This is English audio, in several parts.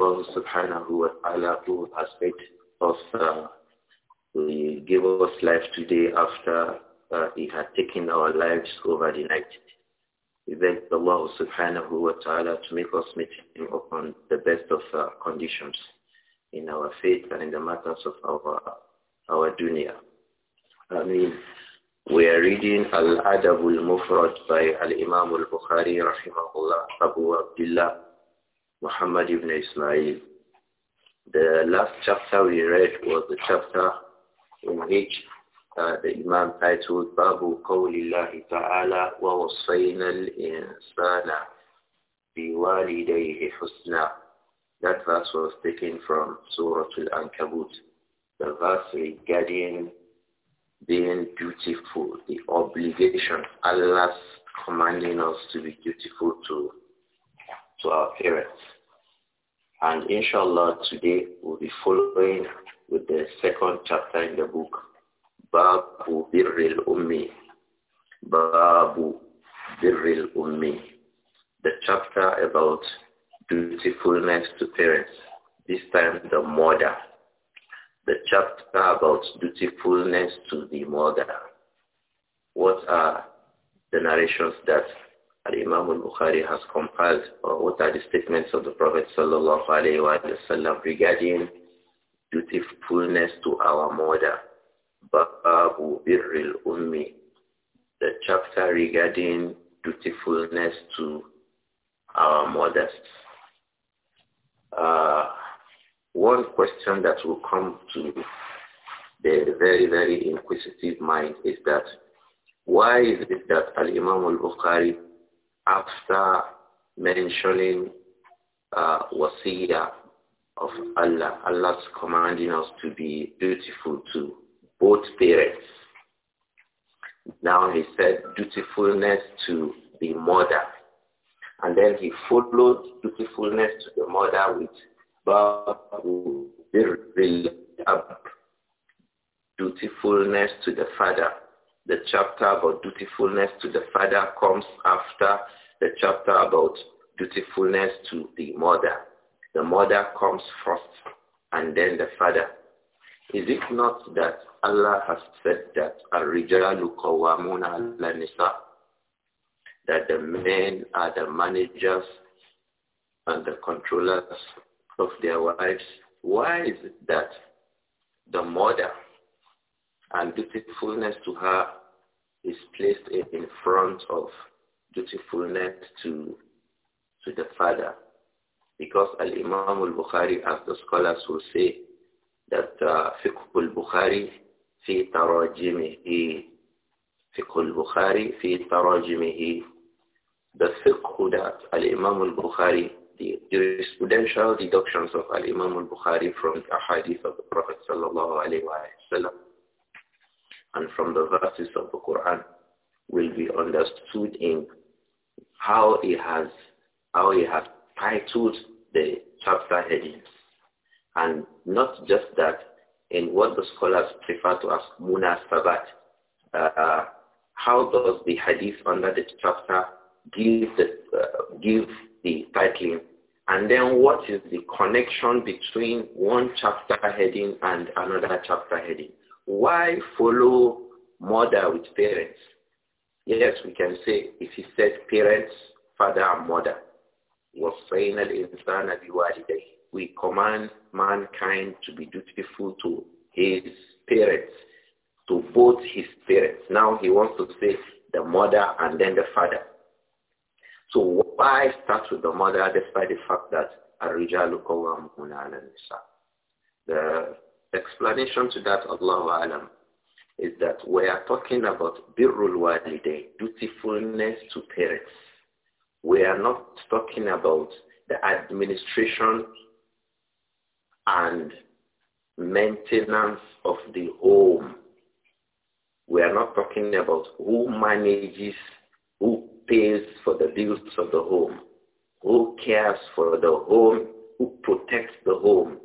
Allah subhanahu wa ta'ala who aspect of, us, uh, gave us life today after uh, he had taken our lives over the night. We beg Allah subhanahu wa ta'ala to make us meet him upon the best of uh, conditions in our faith and in the matters of our, our dunya. I mean, we are reading Al-Adab al-Mufrad by Al-Imam al-Bukhari rahimahullah, Abu Abdullah Muhammad ibn Ismail. The last chapter we read was the chapter in which uh, the Imam titled Babu Qawlillahi Ta'ala wa wasayna al-insana biwalidayhi husna. That verse was taken from Surah Al-Ankabut, the verse regarding being dutiful, the obligation, Allah's commanding us to be dutiful to to our parents. And inshallah today we'll be following with the second chapter in the book, Babu Birril Ummi. Babu Birril Ummi. The chapter about dutifulness to parents, this time the mother. The chapter about dutifulness to the mother. What are the narrations that Imam al-Bukhari has compiled uh, what are the statements of the Prophet sallallahu alaihi wasallam regarding dutifulness to our mother. Babu birril ummi. The chapter regarding dutifulness to our mothers. Uh, one question that will come to the very, very inquisitive mind is that why is it that Al-Imam al-Bukhari after mentioning uh, wasiyah of Allah, Allah's commanding us to be dutiful to both parents. Now he said dutifulness to the mother. And then he followed dutifulness to the mother with Babu dutifulness to the father the chapter about dutifulness to the father comes after the chapter about dutifulness to the mother. The mother comes first and then the father. Is it not that Allah has said that rijalu that the men are the managers and the controllers of their wives? Why is it that the mother and dutifulness to her is placed in front of dutifulness to to the father. Because Al-Imam al-Bukhari, as the scholars will say, that uh, Fiqh al-Bukhari fi tarajimihi. Fiqh al-Bukhari fi tarajimihi. The fiqh that Al-Imam al-Bukhari, the jurisprudential deductions of Al-Imam al-Bukhari from the hadith of the Prophet sallallahu alayhi wasallam and from the verses of the Quran will be understood in how he has how he has titled the chapter headings. And not just that, in what the scholars prefer to ask munasabat, uh, how does the hadith under the chapter give the, uh, give the titling? And then what is the connection between one chapter heading and another chapter heading? Why follow mother with parents? Yes, we can say if he said parents, father and mother. We command mankind to be dutiful to his parents, to both his parents. Now he wants to say the mother and then the father. So why start with the mother despite the fact that الرجال قوامون على النساء The explanation to that, Allah alam, is that we are talking about birrul walidain, dutifulness to parents. We are not talking about the administration and maintenance of the home. We are not talking about who manages, who pays for the bills of the home, who cares for the home, who protects the home,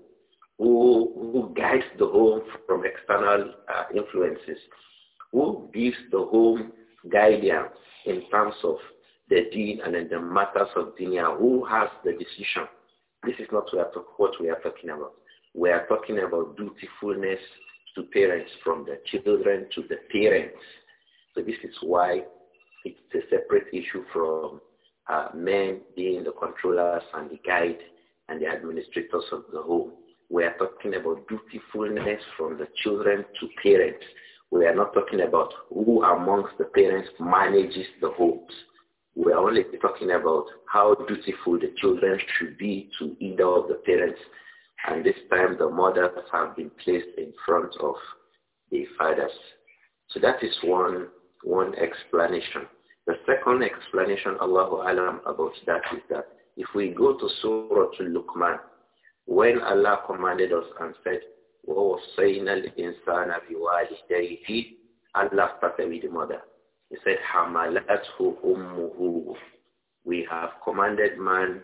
who, who guides the home from external uh, influences, who gives the home guidance in terms of the deen and in the matters of dunya, who has the decision. This is not what we are talking about. We are talking about dutifulness to parents, from the children to the parents. So this is why it's a separate issue from uh, men being the controllers and the guide and the administrators of the home. We are talking about dutifulness from the children to parents. We are not talking about who amongst the parents manages the homes. We are only talking about how dutiful the children should be to either of the parents. And this time the mothers have been placed in front of the fathers. So that is one, one explanation. The second explanation, Allahu Alam, about that is that if we go to Surah Al-Luqman, when Allah commanded us and said, وَوَصَّيْنَا الْإِنسَانَ بِوَالِدَيْهِ Allah started with the mother. He said, حَمَلَتْهُ أُمُّهُ We have commanded man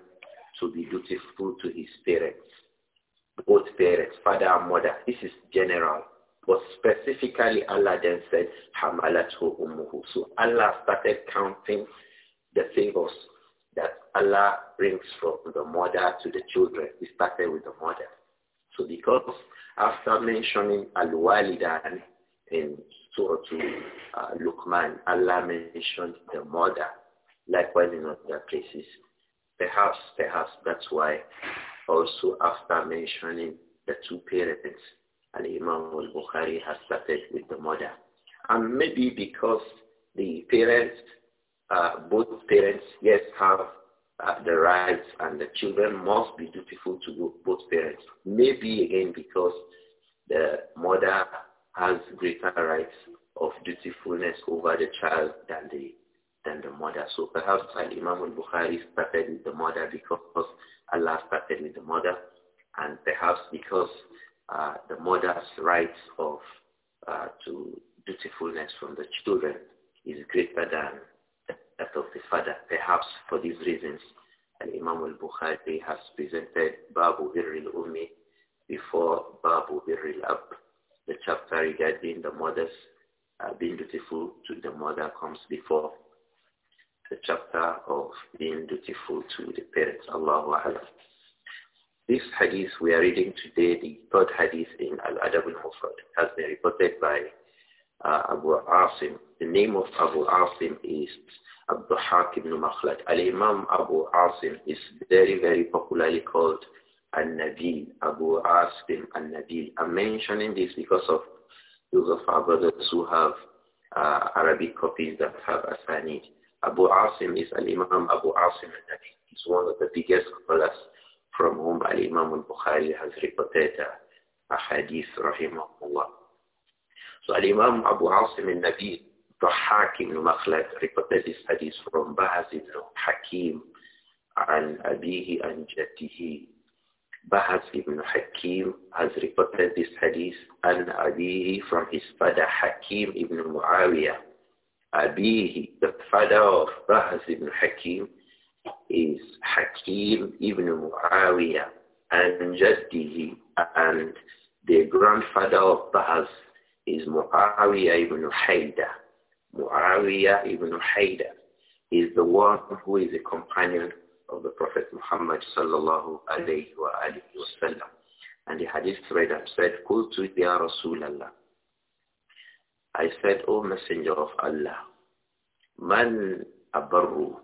to be dutiful to his parents. Both parents, father and mother. This is general. But specifically, Allah then said, حَمَلَتْهُ أُمُّهُ So Allah started counting the fingers that Allah brings from the mother to the children. We started with the mother. So because after mentioning Al-Walidan in Surah uh, Luqman, Allah mentioned the mother. Likewise in other places. Perhaps, perhaps that's why also after mentioning the two parents, Al-Imam al-Bukhari has started with the mother. And maybe because the parents uh, both parents, yes, have uh, the rights and the children must be dutiful to both parents. Maybe again because the mother has greater rights of dutifulness over the child than the than the mother. So perhaps Al Imam al Bukhari started with the mother because Allah started with the mother and perhaps because uh, the mother's rights of uh, to dutifulness from the children is greater than that of the father. Perhaps for these reasons, Al-Imam al-Bukhari has presented Babu Birril Ummi before Babu Birril Ab. The chapter regarding the mothers uh, being dutiful to the mother comes before the chapter of being dutiful to the parents. Allahu This hadith we are reading today, the third hadith in Al-Adab al-Mufrad, has been reported by uh, Abu Asim. The name of Abu Asim is Hakim ibn Makhlad. Al-Imam Abu Asim is very, very popularly called Al-Nabil, Abu Asim Al-Nabil. I'm mentioning this because of those of our brothers who have uh, Arabic copies that have Asanid. Abu Asim is Al-Imam Abu Asim Al-Nabil. He's one of the biggest scholars from whom Al-Imam Al-Bukhari has reported uh, a hadith, rahimahullah. So Imam Abu Asim al the Hakim al Makhlad reported this hadith from Bahaz ibn Hakim an Abihi an Jatihi. Bahaz ibn Hakim has reported this hadith an Abihi from his father Hakim ibn Muawiyah. Abihi, the father of Bahaz ibn Hakim, is Hakim ibn Muawiyah and Jaddihi and the grandfather of Bahaz is Muawiyah ibn Haida. Muawiyah ibn Haida is the one who is a companion of the Prophet Muhammad sallallahu alayhi wa alihi wasallam. And the hadith read to said, Qultu ya Rasulallah. I said, O Messenger of Allah, Man abarru?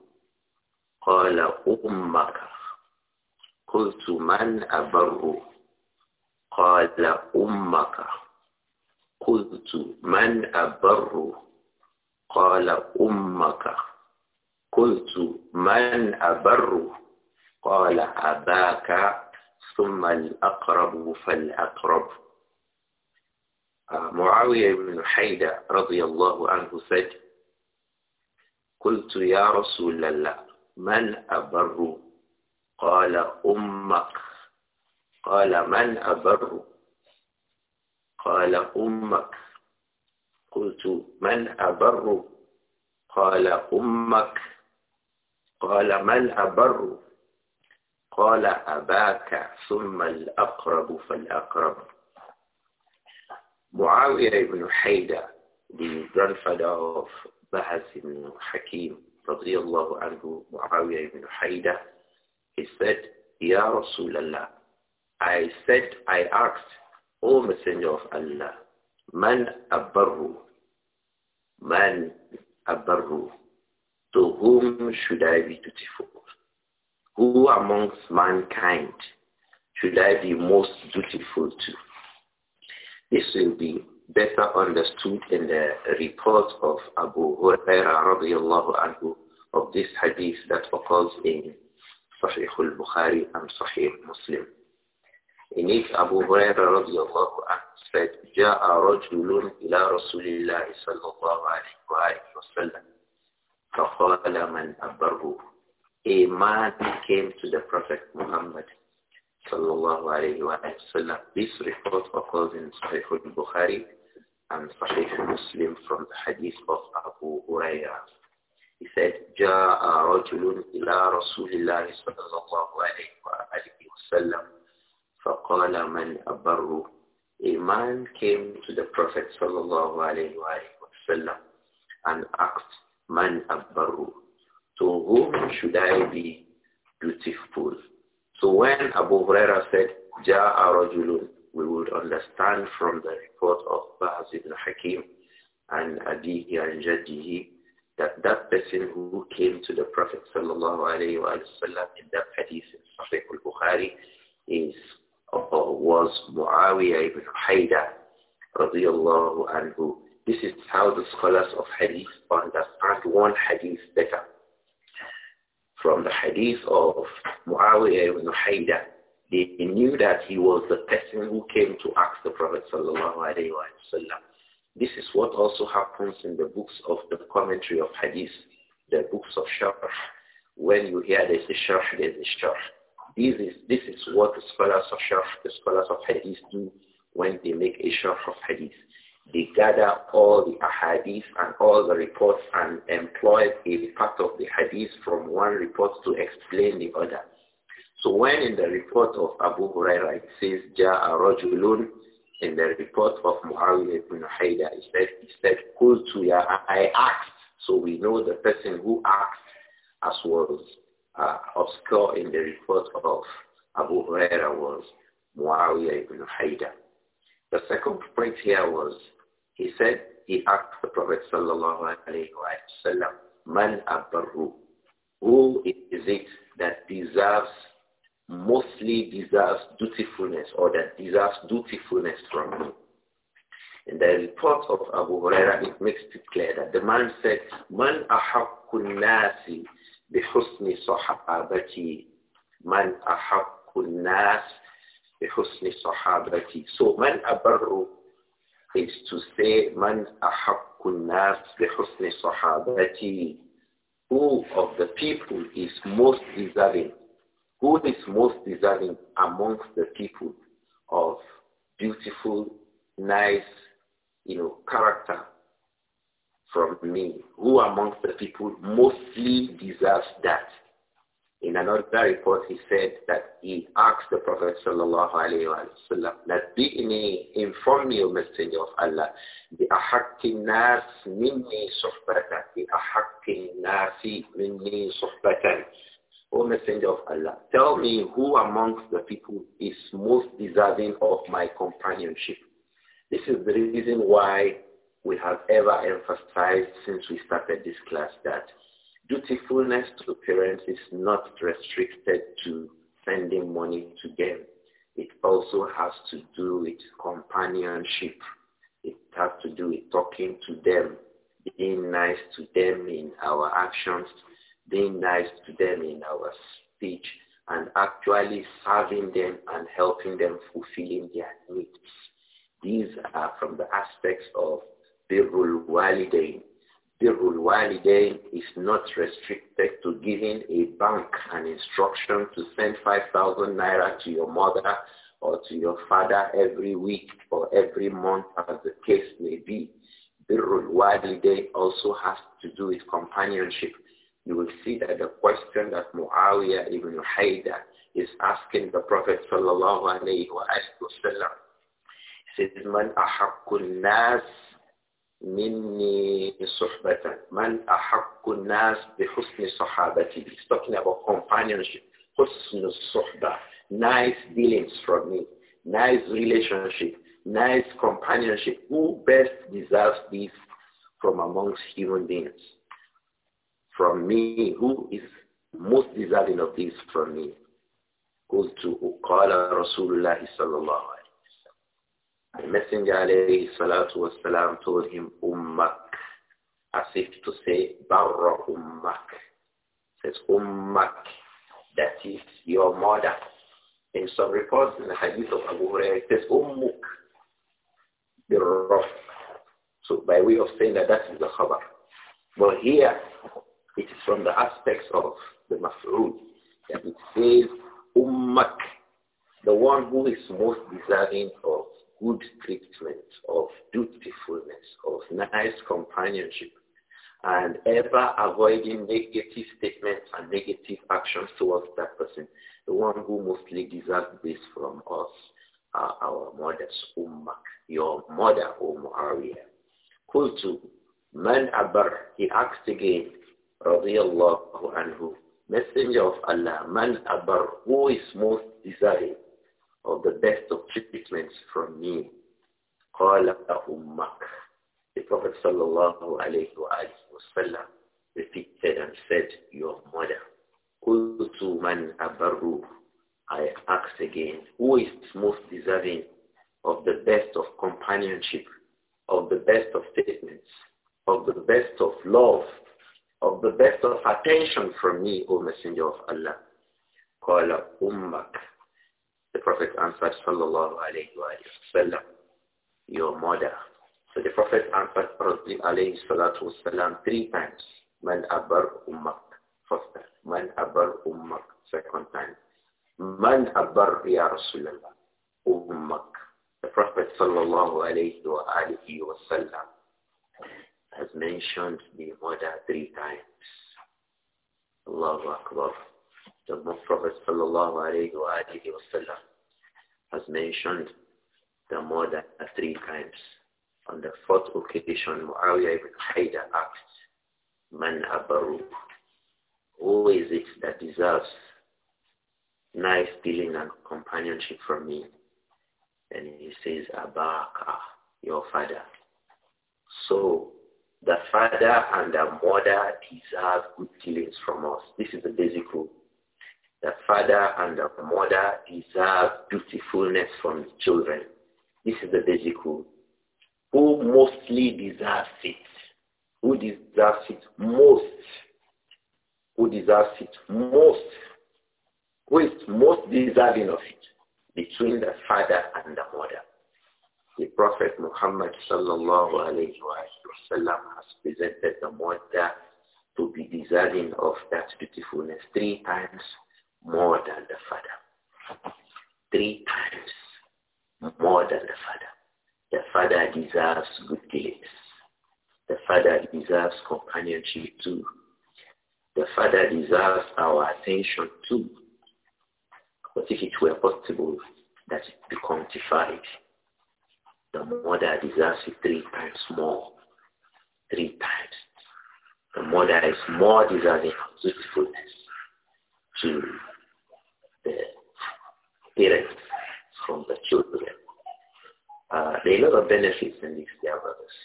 Qala ummaka. Qultu man abarru? Qala ummaka. قلت من أبر قال أمك قلت من أبر قال أباك ثم الأقرب فالأقرب معاوية بن حيدة رضي الله عنه سجد قلت يا رسول الله من أبر قال أمك قال من أبر قال أمك قلت من أبر قال أمك قال من أبر قال أباك ثم الأقرب فالأقرب Muawiyah ibn Haida, the grandfather of Bahas ibn Hakim, radiallahu anhu, Muawiyah ibn Haida, he said, Ya Rasulallah, I said, I asked O Messenger of Allah, man abarru, man abarru, to whom should I be dutiful? Who amongst mankind should I be most dutiful to? This will be better understood in the report of Abu Hurairah radiallahu anhu of this hadith that occurs in Sahih al-Bukhari and Sahih Muslim. In it, Abu Huraira radiallahu anhu said, جَاءَ رَجُلٌ إِلَى رَسُولِ اللَّهِ صَلَّى اللَّهُ عَلَيْهِ وَآلِهِ وَسَلَّمَ فَقَالَ مَنْ أَبَرُّهُ A man came to the Prophet Muhammad صلى الله عليه وآله This report occurs in Sahih al-Bukhari and Sahih Muslim from the hadith of Abu Huraira. He said, جاء رجل إلى رسول الله صلى الله عليه فَقَالَ مَنْ أَبَرُّ A man came to the Prophet sallallahu alayhi wa and asked, Man Abbaru, to whom should I be dutiful? So when Abu Huraira said, Ja'a Rajulun, we would understand from the report of Baz ibn Hakim and Adi and Jadihi that that person who came to the Prophet sallallahu alayhi wa sallam in that hadith in Sahih al-Bukhari is was Muawiyah ibn Haida radiallahu anhu. This is how the scholars of hadith understand one hadith better. From the hadith of Muawiyah ibn Haida, they knew that he was the person who came to ask the Prophet sallallahu alayhi wa sallam. This is what also happens in the books of the commentary of hadith, the books of sharh. When you hear there's a sharh, there's a sharh this is, this is what the scholars of Sharf, the scholars of Hadith do when they make a Sharf of Hadith. They gather all the Ahadith and all the reports and employ a part of the Hadith from one report to explain the other. So when in the report of Abu Huraira it says, Ja'a Rajulun, in the report of Muawiyah ibn Haida, it says it said Kultu ya, I asked. So we know the person who asked as was uh, obscure in the report of Abu Huraira was Muawiyah ibn Haida. The second point here was he said he asked the Prophet sallallahu alaihi wasallam, "Man abarru? Who is it that deserves mostly deserves dutifulness or that deserves dutifulness from me?" In the report of Abu Huraira, it makes it clear that the man said, "Man ahaqqun nasi بحسن صحابتي من أحق الناس بحسن صحابتي so من أبر is to say من أحق الناس بحسن صحابتي who of the people is most deserving who is most deserving amongst the people of beautiful nice you know character from me. Who amongst the people mostly deserves that? In another report, he said that he asked the Prophet sallallahu alaihi wasallam that bi'ni, inform me, O Messenger of Allah, the ahakki nas minni sohbatan, the ahakki nasi minni sohbatan. O Messenger of Allah, tell me who amongst the people is most deserving of my companionship. This is the reason why we have ever emphasized since we started this class that dutifulness to parents is not restricted to sending money to them. It also has to do with companionship. It has to do with talking to them, being nice to them in our actions, being nice to them in our speech, and actually serving them and helping them fulfilling their needs. These are from the aspects of Birrul Walidain. Birrul Walidain is not restricted to giving a bank an instruction to send 5,000 naira to your mother or to your father every week or every month as the case may be. Birrul Walidain also has to do with companionship. You will see that the question that Muawiyah ibn Haida is asking the Prophet sallallahu alayhi wa sallam says, Man ahaqqun nas minni suhbatan. Man ahakku nas bihusni sahabati. He's talking about companionship. Husnu suhba. Nice dealings from me. Nice relationship. Nice companionship. Who best deserves this from amongst human beings? From me. Who is most deserving of this from me? Goes to Uqala Rasulullah sallallahu the Messenger alayhi salatu was salam told him ummak as if to say barra ummak. says ummak, that is your mother. In some reports in the hadith of Abu Hurairah, it says ummuk, the rough. So by way of saying that that is the khabar. But here, it is from the aspects of the maf'ul that it says ummak, the one who is most deserving of good treatment, of dutifulness, of nice companionship, and ever avoiding negative statements and negative actions towards that person. The one who mostly deserves this from us are our mothers, Ummak, your mother, Um Ariya. Kultu, Man Abar, he asked again, radiallahu anhu, Messenger of Allah, Man Abar, who is most desired? of the best of treatments from me. قَالَ The Prophet sallallahu alayhi wa sallam repeated and said, your mother. قُلْتُ man أَبَرُّ I asked again, who is most deserving of the best of companionship, of the best of statements, of the best of love, of the best of attention from me, O Messenger of Allah? قَالَ أُمَّكَ the Prophet answered, sallallahu alaihi wasallam, your mother. So the Prophet answered, alayhi salatu wasallam, three times. Man abar ummak, first time. Man abar ummak, second time. Man abar ya Rasulallah, ummak. The Prophet sallallahu alaihi wasallam, has mentioned the mother three times. Allahu Akbar. The Prophet sallallahu has mentioned the murder three times. On the fourth occasion, Muawiyah ibn Haida asked, Man Abaru, who is it that deserves nice dealing and companionship from me? And he says, Abaka, your father. So the father and the mother deserve good dealings from us. This is the basic rule. The father and the mother deserve dutifulness from the children. This is the basic rule. Who mostly deserves it? Who deserves it most? Who deserves it most? Who is most deserving of it? Between the father and the mother. The Prophet Muhammad sallallahu alayhi wa sallam has presented the mother to be deserving of that beautifulness three times more than the father. Three times more than the father. The father deserves good deeds. The father deserves companionship too. The father deserves our attention too. But if it were possible that it be quantified, the mother deserves it three times more. Three times. The mother is more deserving of goodness to the parents, from the children. Uh, there are a lot of benefits in this, dear brothers.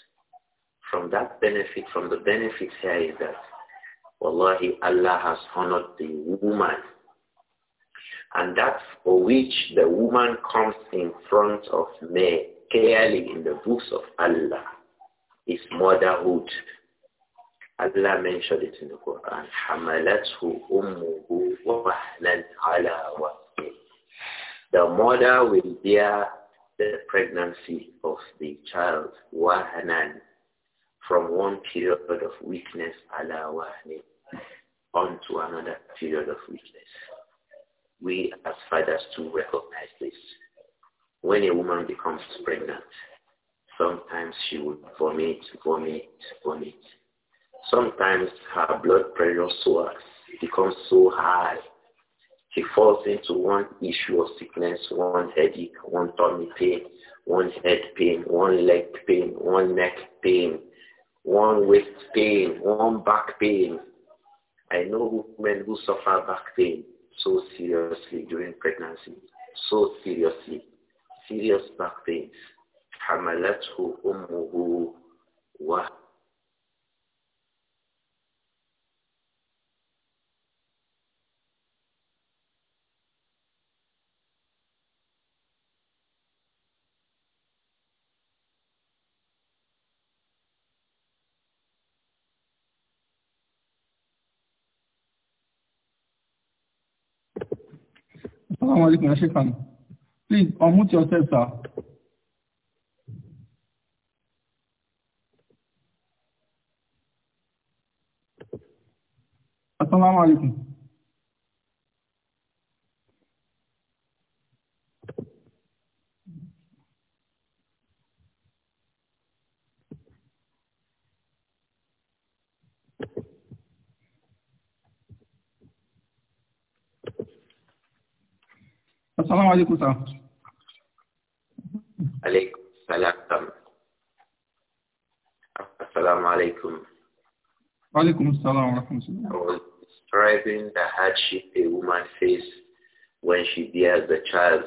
From that benefit, from the benefits here is that, Wallahi, Allah has honored the woman. And that's for which the woman comes in front of me clearly in the books of Allah is motherhood. Allah mentioned it in the Quran mother will bear the pregnancy of the child, wahanan, from one period of weakness, ala wahni onto another period of weakness. We as fathers to recognize this. When a woman becomes pregnant, sometimes she would vomit, vomit, vomit. Sometimes her blood pressure soars, becomes so high she falls into one issue of sickness, one headache, one tummy pain, one head pain, one leg pain, one neck pain, one waist pain, one back pain. I know women who suffer back pain so seriously during pregnancy, so seriously, serious back pains. حملته أمه وهن alaikum ya Sheikh. Please, unmute yourself, sir. Assalamu alaikum. Assalamu alaikum, sir. Alaikum salam. Assalamu alaikum. Alaikum salam I was describing the hardship a woman faces when she bears the child.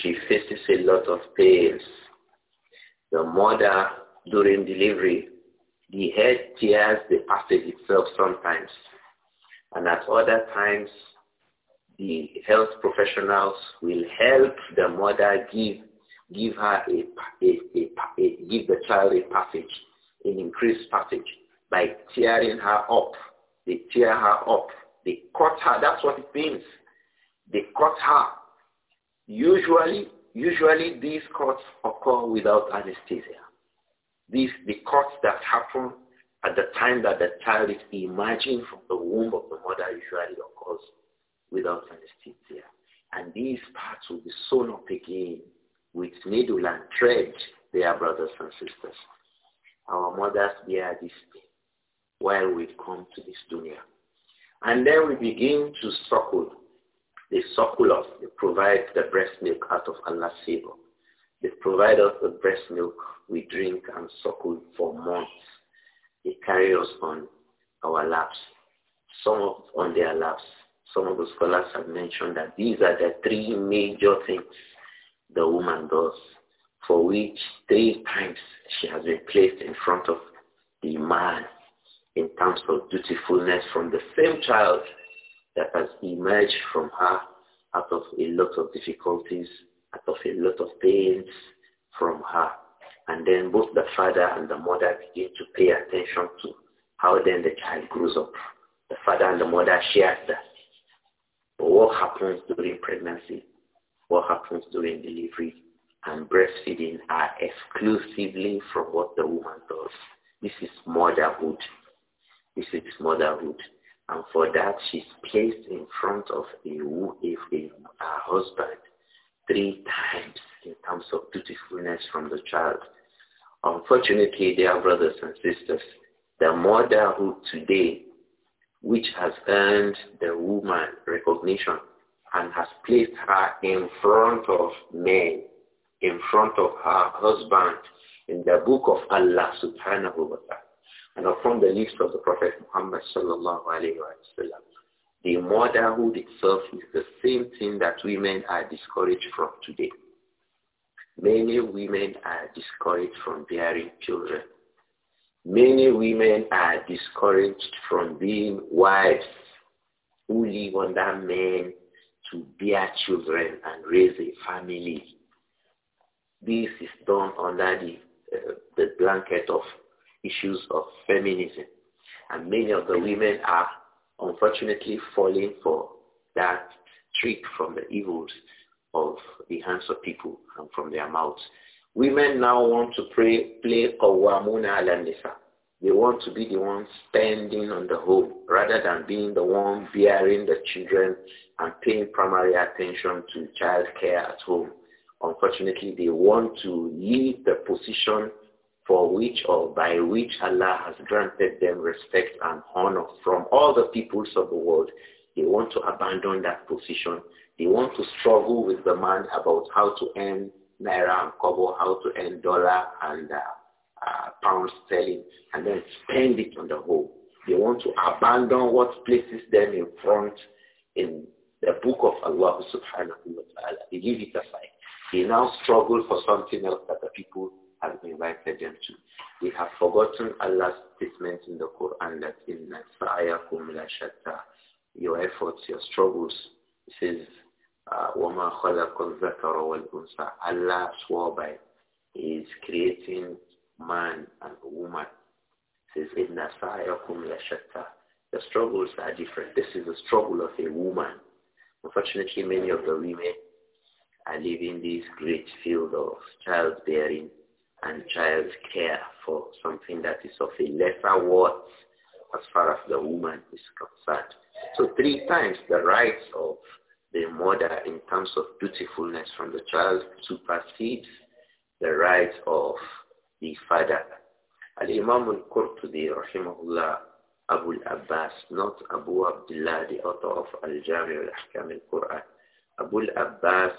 She faces a lot of pains. The mother, during delivery, the head tears the passage itself sometimes. And at other times, the health professionals will help the mother give give her a, a, a, a give the child a passage, an increased passage by tearing her up. They tear her up. They cut her. That's what it means. They cut her. Usually, usually these cuts occur without anesthesia. These the cuts that happen at the time that the child is emerging from the womb of the mother usually occurs without anesthesia. And these parts will be sewn up again with needle and thread, their brothers and sisters. Our mothers bear this pain while we come to this dunya. And then we begin to suckle. They suckle us. They provide the breast milk out of Allah's favor. They provide us the breast milk we drink and suckle for months. They carry us on our laps, some on their laps, some of the scholars have mentioned that these are the three major things the woman does for which three times she has been placed in front of the man in terms of dutifulness from the same child that has emerged from her out of a lot of difficulties, out of a lot of pains from her. And then both the father and the mother begin to pay attention to how then the child grows up. The father and the mother share that. But what happens during pregnancy, what happens during delivery, and breastfeeding are exclusively from what the woman does. This is motherhood. This is motherhood. And for that, she's placed in front of a, a, a, husband three times in terms of dutifulness from the child. Unfortunately, dear brothers and sisters, the motherhood today which has earned the woman recognition and has placed her in front of men, in front of her husband, in the book of Allah subhanahu wa ta'ala, and upon the list of the Prophet Muhammad sallallahu alayhi wa sallam. The motherhood itself is the same thing that women are discouraged from today. Many women are discouraged from bearing children Many women are discouraged from being wives who live under men to bear children and raise a family. This is done under the, uh, the blanket of issues of feminism. And many of the women are unfortunately falling for that trick from the evils of the hands of people and from their mouths. Women now want to play play qawwamuna ala nisa. They want to be the ones standing on the home rather than being the one bearing the children and paying primary attention to child care at home. Unfortunately, they want to leave the position for which or by which Allah has granted them respect and honor from all the peoples of the world. They want to abandon that position. They want to struggle with the man about how to earn naira and kobo, how to earn dollar and uh, uh, pound sterling, and then spend it on the whole. They want to abandon what places them in front in the book of Allah subhanahu wa ta'ala. They leave it aside. They now struggle for something else that the people have invited them to. They have forgotten Allah's statement in the Quran that in Sa'ayakum la shatta, your efforts, your struggles, it says, uh, وَمَا خَلَقَ الذَّكَرَ وَالْأُنْثَى Allah swore He is creating man and woman. says, إِنَّ سَعْيَكُمْ لَشَتَّى The struggles are different. This is the struggle of a woman. Unfortunately, many of the women are living this great field of childbearing and child care for something that is of a lesser worth as far as the woman is concerned. So three times the rights of the mother in terms of dutifulness from the child supersedes the rights of the father. Al-Imam al-Qurtubi, rahimahullah, Abu al-Abbas, not Abu Abdullah, the author of Al-Jami al-Ahkam al-Qur'an. Abu al-Abbas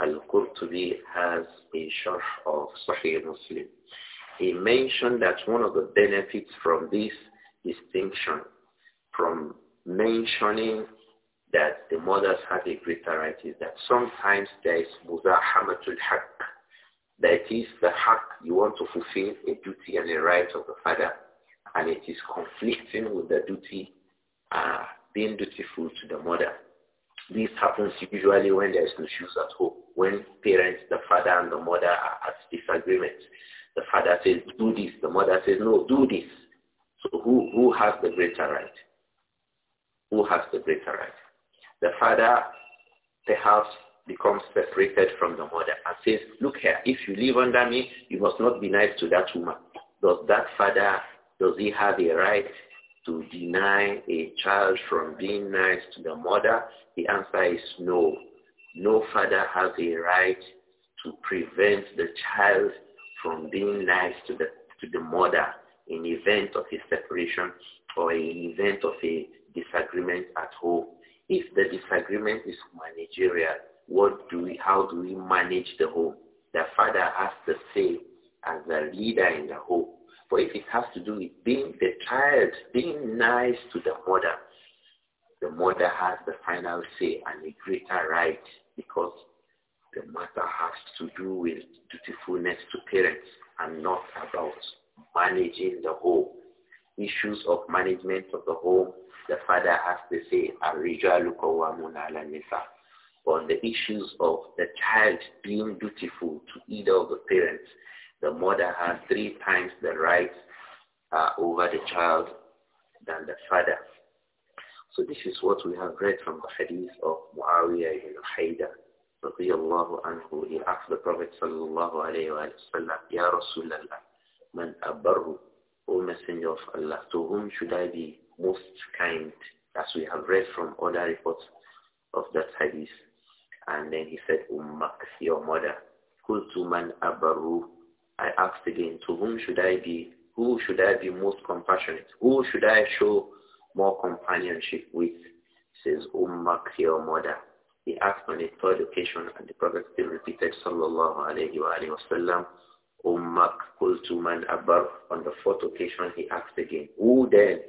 al-Qurtubi has a sharh of Sahih Muslim. He mentioned that one of the benefits from this distinction, from mentioning that the mothers have a greater right is that sometimes there is muzahamatul haqq. That is the haqq you want to fulfill, a duty and a right of the father, and it is conflicting with the duty, uh, being dutiful to the mother. This happens usually when there is no shoes at home, when parents, the father and the mother are at disagreement. The father says, do this. The mother says, no, do this. So who, who has the greater right? Who has the greater right? the father perhaps becomes separated from the mother and says, look here, if you live under me, you must not be nice to that woman. Does that father, does he have a right to deny a child from being nice to the mother? The answer is no. No father has a right to prevent the child from being nice to the, to the mother in event of a separation or in event of a disagreement at home. If the disagreement is managerial, what do we, how do we manage the home? The father has the say as a leader in the home. But if it has to do with being the child, being nice to the mother, the mother has the final say and a greater right because the matter has to do with dutifulness to parents and not about managing the home issues of management of the home, the father has to say, nisa. On the issues of the child being dutiful to either of the parents, the mother has three times the rights uh, over the child than the father. So this is what we have read from the hadith of Muawiyah ibn Haida. Radiallahu anhu, the Prophet Ya Rasulallah, man abarru O Messenger of Allah, to whom should I be most kind, as we have read from other reports of that hadith. And then he said, Ummak, your mother. Kultu man abaru. I asked again, to whom should I be, who should I be most compassionate? Who should I show more companionship with? He says, Ummak, your mother. He asked on a third occasion, and the Prophet still repeated, Sallallahu alayhi Wasallam, alayhi wa sallam, Ummak Kultuman Abar, on the fourth occasion he asked again, who then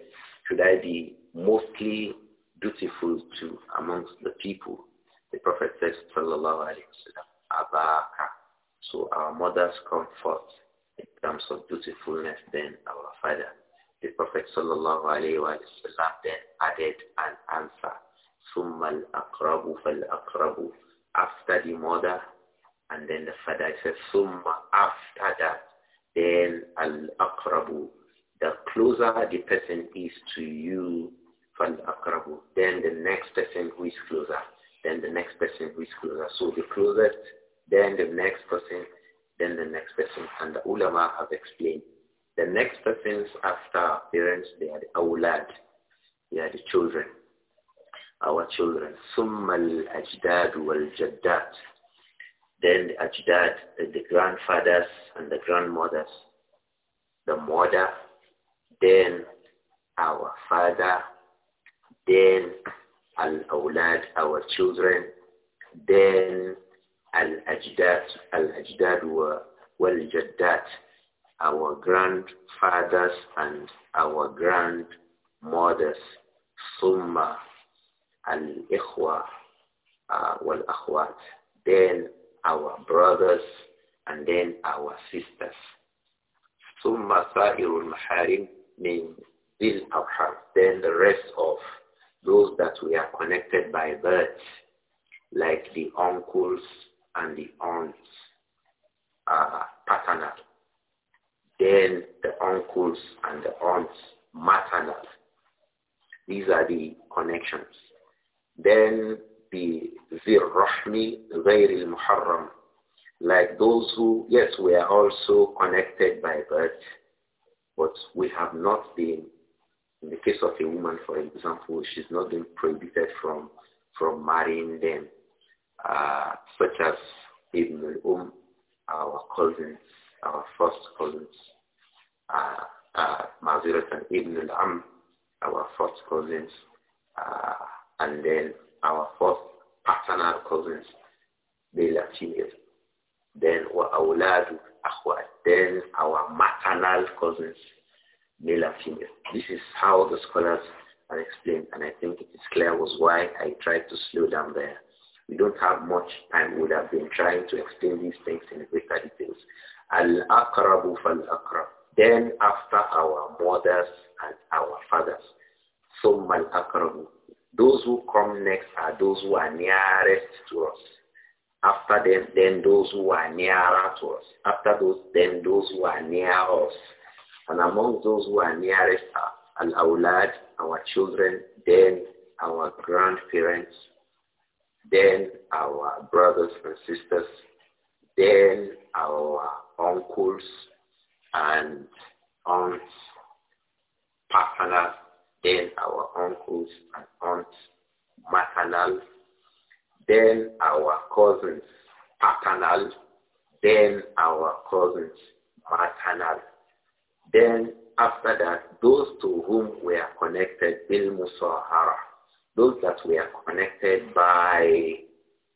should I be mostly dutiful to amongst the people? The Prophet says, Sallallahu Alaihi Wasallam, Abaka. So our mothers come first in terms of dutifulness, then our father. The Prophet Sallallahu Alaihi Wasallam then added an answer, Summa akrabu fal-akrabu. After the mother, and then the father He says, Summa after that, then al akrabu the closer the person is to you, fal akrabu then the next person who is closer, then the next person who is closer. So the closest, then the next person, then the next person. And the ulama have explained. The next persons after parents, they are the awlad, they are the children, our children. ثم الأجداد والجدات then the ajdad, the grandfathers and the grandmothers, the mother, then our father, then al-awlad, our children, then al-ajdad, al-ajdad were well-jaddat, our grandfathers and our grandmothers, summa al-ikhwa uh, wal-akhwat, then our brothers, and then our sisters. ثم سائر المحارم من ذي الأرحام. Then the rest of those that we are connected by birth, like the uncles and the aunts, uh, paternal. Then the uncles and the aunts, maternal. These are the connections. Then بذي الرحم غير المحرم like those who, yes, we are also connected by birth, but we have not been, in the case of a woman, for example, she's not been prohibited from, from marrying them, uh, such as Ibn al-Um, our cousins, our first cousins, uh, uh, Mazirat and Ibn al-Am, our first cousins, uh, and then our first paternal cousins, they are females. Then Then our maternal cousins, male and female. This is how the scholars are explained, and I think it is clear was why I tried to slow down there. We don't have much time. We would have been trying to explain these things in greater details. Al-Aqrabu fal-Aqrab. Then after our mothers and our fathers. al الأقرب those who come next are those who are nearest to us. After them, then those who are nearer to us. After those, then those who are near us. And among those who are nearest are our children, then our grandparents, then our brothers and sisters, then our uncles and aunts, partners, then our uncles and aunts, maternal, then our cousins, paternal, then our cousins, maternal. Then after that, those to whom we are connected, bil musahara, those that we are connected by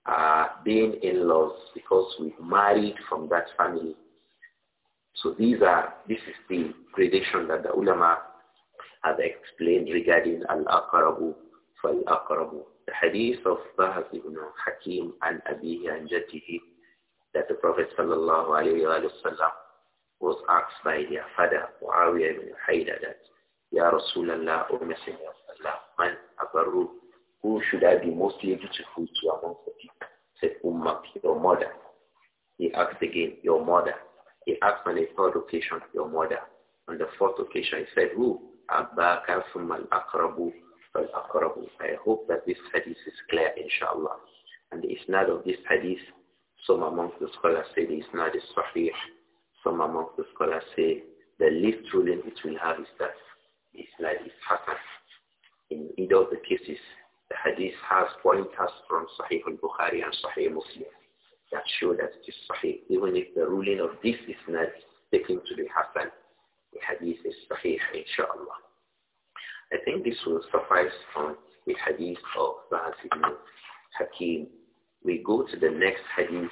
uh, being in-laws because we have married from that family. So these are, this is the gradation that the ulama have explained regarding al-aqrabu fal-aqrabu. The hadith of Bahas ibn Hakim and Abihi and Jatihi that the Prophet sallallahu alayhi wa sallam was asked by their father Muawiyah ibn Hayda that Ya Rasulallah, O Messenger of Allah, man who should I be most dutiful to among the people? Said Ummak, your mother. He asked again, your mother. He asked on the third occasion, your mother. On the fourth occasion, he said, who? I hope that this hadith is clear inshallah and the isnad of this hadith some among the scholars say the isnad is sahih some among the scholars say the least ruling it will have is that isnad is hasan in either of the cases the hadith has pointers from Sahih al-Bukhari and Sahih Muslim that show that it is Sahih, even if the ruling of this is not taken to be hasan. The hadith is sahih, inshallah. I think this will suffice on the hadith of Sahas ibn Hakim. We go to the next hadith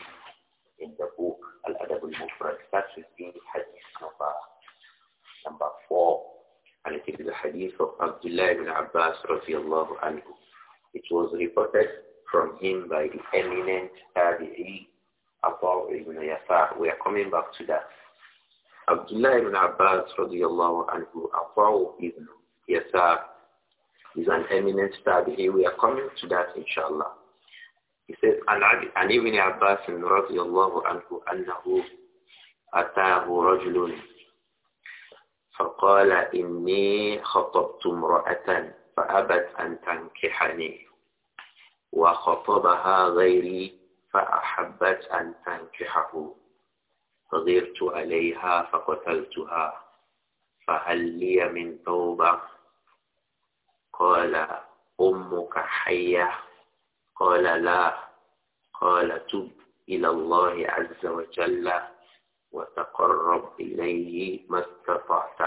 in the book, Al-Adab al-Mufrad. That is the hadith number, number four. And it is the hadith of Abdullah ibn Abbas radiallahu anhu. It was reported from him by the eminent Tabi'i Abu ibn Yasar. We are coming back to that. Abdullah ibn Abbas radiallahu anhu, Afaw ibn Yasar, is an eminent tabi'i. We are coming to that inshallah. He says, عن Ibn عباس رضي الله عنه أنه أتاه رجل فقال إني خطبت امرأة فأبت أن تنكحني وخطبها غيري فأحبت أن تنكحه صغرت عليها فقتلتها فهل لي من توبة قال أمك حية قال لا قال تب إلى الله عز وجل وتقرب إليه ما استطعت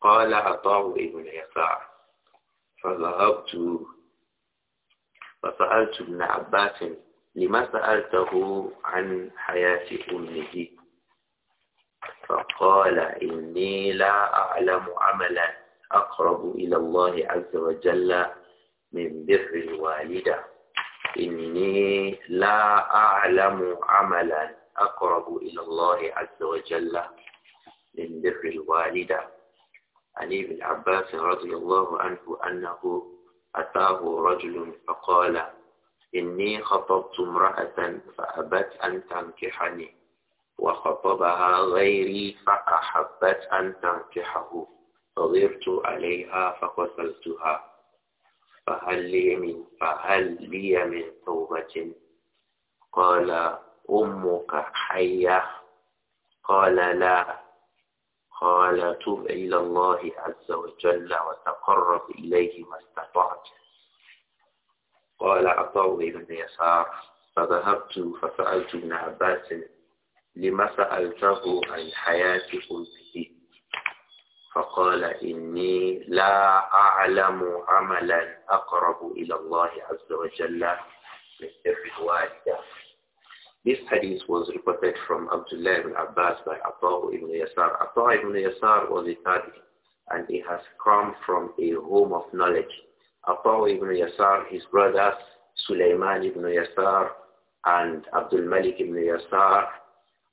قال عطاء بن يسار فذهبت فسألت ابن عباس لما سألته عن حياة أمه فقال إني لا أعلم عملا أقرب إلى الله عز وجل من بر الوالدة إني لا أعلم عملا أقرب إلى الله عز وجل من بر الوالدة عن ابن عباس رضي الله عنه أنه أتاه رجل فقال إني خطبت امرأة فأبت أن تنكحني وخطبها غيري فأحبت أن تنكحه فغرت عليها فقتلتها فهل لي من فهل لي من توبة قال أمك حية قال لا قال تب إلى الله عز وجل وتقرب إليه ما استطعت قال أطول بن يسار فذهبت ففعلت ابن عباس لما سألته عن حياتكم فيه فقال إني لا أعلم عملا أقرب إلى الله عز وجل من الرواية This hadith was reported from Abdullah ibn Abbas by Atta ibn Yasar. Atta ibn Yasar was a tabi and he has come from a home of knowledge. Atta ibn Yasar, his brothers, Sulaiman ibn Yasar and Abdul Malik ibn Yasar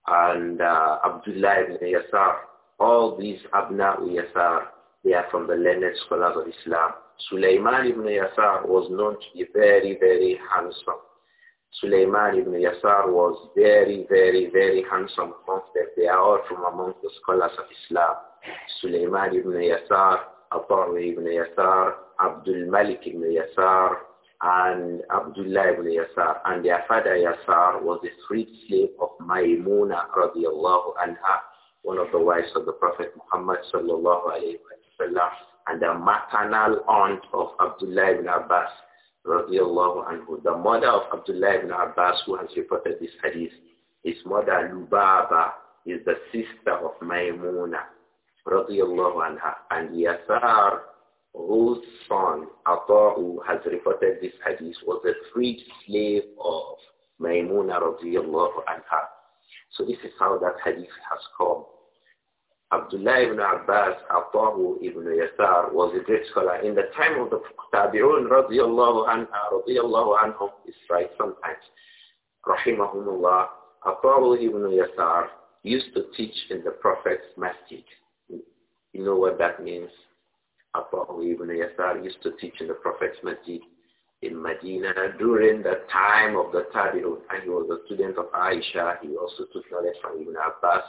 and uh, Abdullah ibn Yasar. All these Abna Yasar, they are from the learned scholars of Islam. Sulaiman ibn Yasar was known to be very, very handsome. Sulaiman ibn Yasar was very, very, very handsome amongst them. They are all from among the scholars of Islam. Sulaiman ibn Yasar, Abdullah ibn Yasar, Abdul Malik ibn Yasar, and Abdullah ibn Yasar. And their father Yasar was a freed slave of Maimuna radiallahu anha, one of the wives of the Prophet Muhammad sallallahu alayhi wa and the maternal aunt of Abdullah ibn Abbas radiallahu anhu. The mother of Abdullah ibn Abbas who has reported this hadith, his mother Lubaba is the sister of Maimuna radiallahu anha. And Yasar whose son Ata'u has reported this hadith was a freed slave of Maimuna radiallahu anha. So this is how that hadith has come. Abdullah ibn Abbas Ata'u ibn Yasar was a great scholar. In the time of the Tabi'un radiallahu anha radiallahu anhum is right sometimes. Rahimahumullah Ata'u ibn Yasar used to teach in the Prophet's masjid. You know what that means? Abu ibn Yasar used to teach in the Prophet's Masjid in Medina during the time of the Tabi'un. And he was a student of Aisha. He also took knowledge from Ibn Abbas,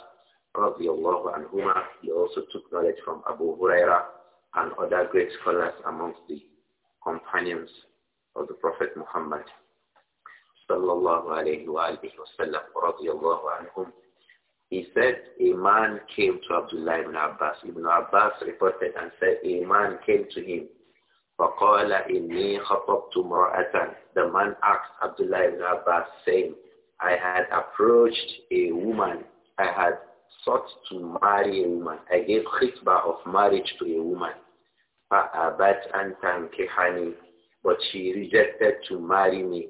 radiallahu anhuma. He also took knowledge from Abu Huraira and other great scholars amongst the companions of the Prophet Muhammad, sallallahu alayhi wa alihi wa sallam, he said a man came to Abdullah ibn Abbas. Ibn Abbas reported and said a man came to him. فقال إني خطبت امرأة. The man asked Abdullah ibn Abbas saying, I had approached a woman. I had sought to marry a woman. I gave khitbah of marriage to a woman. فأبت But she rejected to marry me.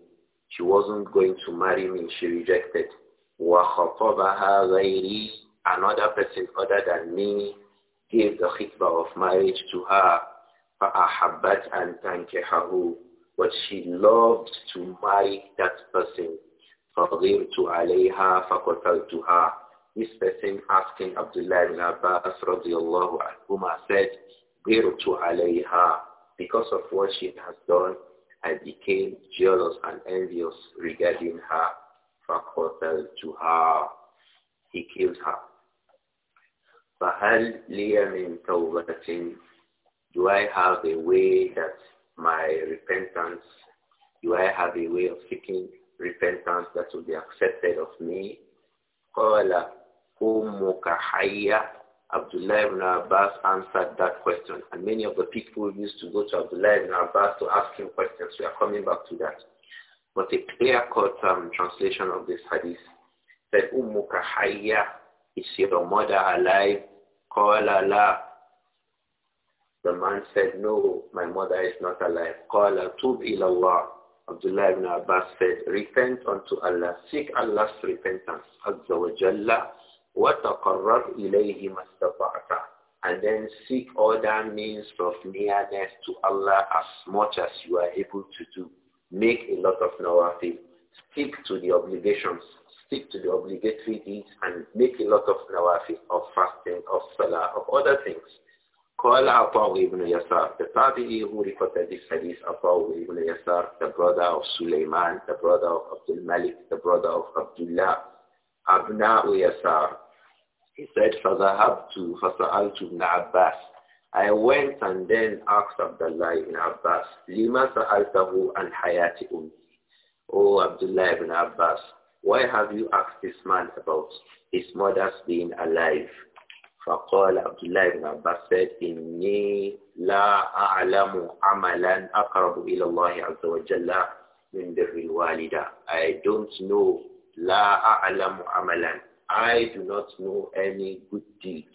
She wasn't going to marry me. She rejected. وَخَطَبَهَا غَيْرِي Another person other than me gave the khitbah of marriage to her. فَأَحَبَّتْ أَنْ تَنْكِحَهُ But she loved to marry that person. فَغِرْتُ عَلَيْهَا فَقَتَلْتُهَا This person asking Abdullah ibn Abbas radiallahu anhuma said, غِرْتُ عَلَيْهَا Because of what she has done, I became jealous and envious regarding her. He killed her. فَهَلْ لِيَ مِنْ تَوْبَةٍ Do I have a way that my repentance, do I have a way of seeking repentance that will be accepted of me? قَالَ أُمُّكَ حَيَّةٌ Abdullah ibn Abbas answered that question. And many of the people used to go to Abdullah ibn Abbas to ask him questions. We are coming back to that. But a clear-cut um, translation of this hadith said, Ummuka hayya, is your mother alive? Qala la. The man said, no, my mother is not alive. Qala tub ilallah. Abdullah ibn Abbas said, repent unto Allah, seek Allah's repentance. Azza wa jalla, wa taqarrab ilayhi mastata'ata. And then seek other means of nearness to Allah as much as you are able to do make a lot of nawafil, stick to the obligations, stick to the obligatory deeds and make a lot of nawafil, of fasting, of salah, of other things. قال عطاء ibn Yasar, the Tabi'i who reported this hadith, عطاء ibn Yasar, the brother of Sulaiman, the brother of Abdul Malik, the brother of Abdullah, Abna'u Yasar. He said, فَذَهَبْتُ فَسَأَلْتُ ابْنَ عَبَّاسِ I went and then asked Abdullah ibn Abbas, Lima sa'altahu an hayati ummi. Oh, Abdullah ibn Abbas, why have you asked this man about his mother's being alive? فقال عبد الله بن عباس said إني لا أعلم عملا أقرب إلى الله عز وجل من بر الوالدة I don't know لا أعلم عملا I do not know any good deed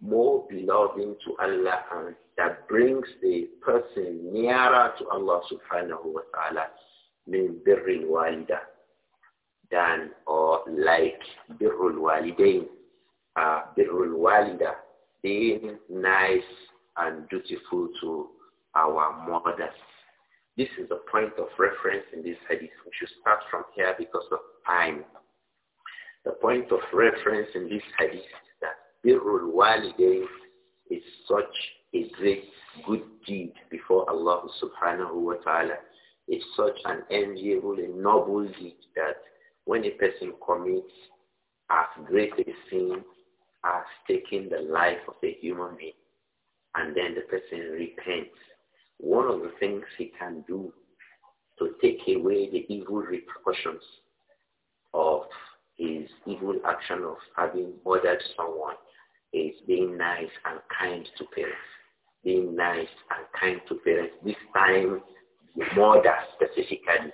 more beloved to Allah that brings the person nearer to Allah subhanahu wa ta'ala من بر walida, than or like بر الوالدين uh, بر walida being nice and dutiful to our mothers this is the point of reference in this hadith. We should start from here because of time. The point of reference in this hadith is that birrul walidayn is such a great good deed before Allah subhanahu wa ta'ala. It's such an enviable and noble deed that when a person commits as great a sin as taking the life of a human being and then the person repents, one of the things he can do to take away the evil repercussions of is evil action of having murdered someone is being nice and kind to parents. Being nice and kind to parents. This time, the murder specifically,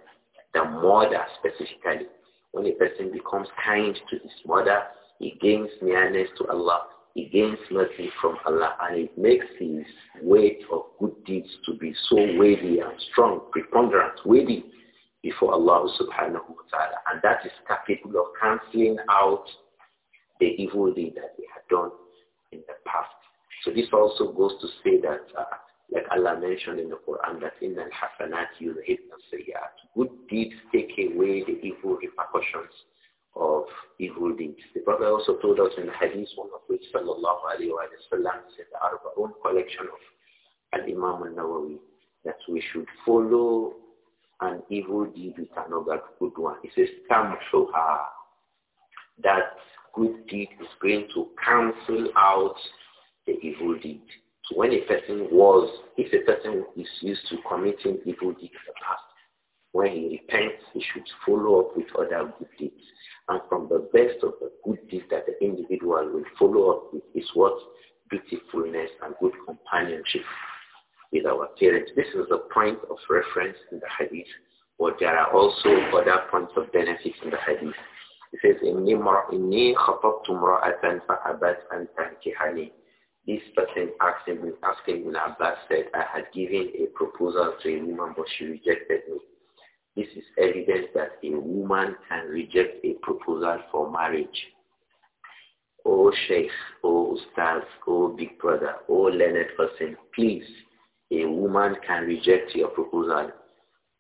the mother specifically, when a person becomes kind to his mother, he gains nearness to Allah, he gains mercy from Allah, and it makes his weight of good deeds to be so weighty and strong, preponderant, weighty, before Allah subhanahu wa ta'ala. And that is capable of cancelling out the evil deed that they had done in the past. So this also goes to say that, uh, like Allah mentioned in the Quran, that in al-hasanat say that Good deeds take away the evil repercussions of evil deeds. The Prophet also told us in the hadith, one of which sallallahu alayhi wa sallam said, our own collection of al-Imam al-Nawawi, that we should follow an evil deed with another good one. It says, show her That good deed is going to cancel out the evil deed. So when a person was, if a person is used to committing evil deeds in the past, when he repents, he should follow up with other good deeds. And from the best of the good deeds that the individual will follow up with is what? Beautifulness and good companionship with our parents. This is a point of reference in the hadith, but there are also other points of benefit in the hadith. It says, إِنِّي خَطَبْتُ امْرَأَةً فَأَبَتْ أَنْ تَنْكِحَنِي This person asking, asking Ibn Abbas said, I had given a proposal to a woman, but she rejected me. This is evidence that a woman can reject a proposal for marriage. O oh Sheikh, O oh Ustaz, O oh Big Brother, O Leonard person, please a woman can reject your proposal.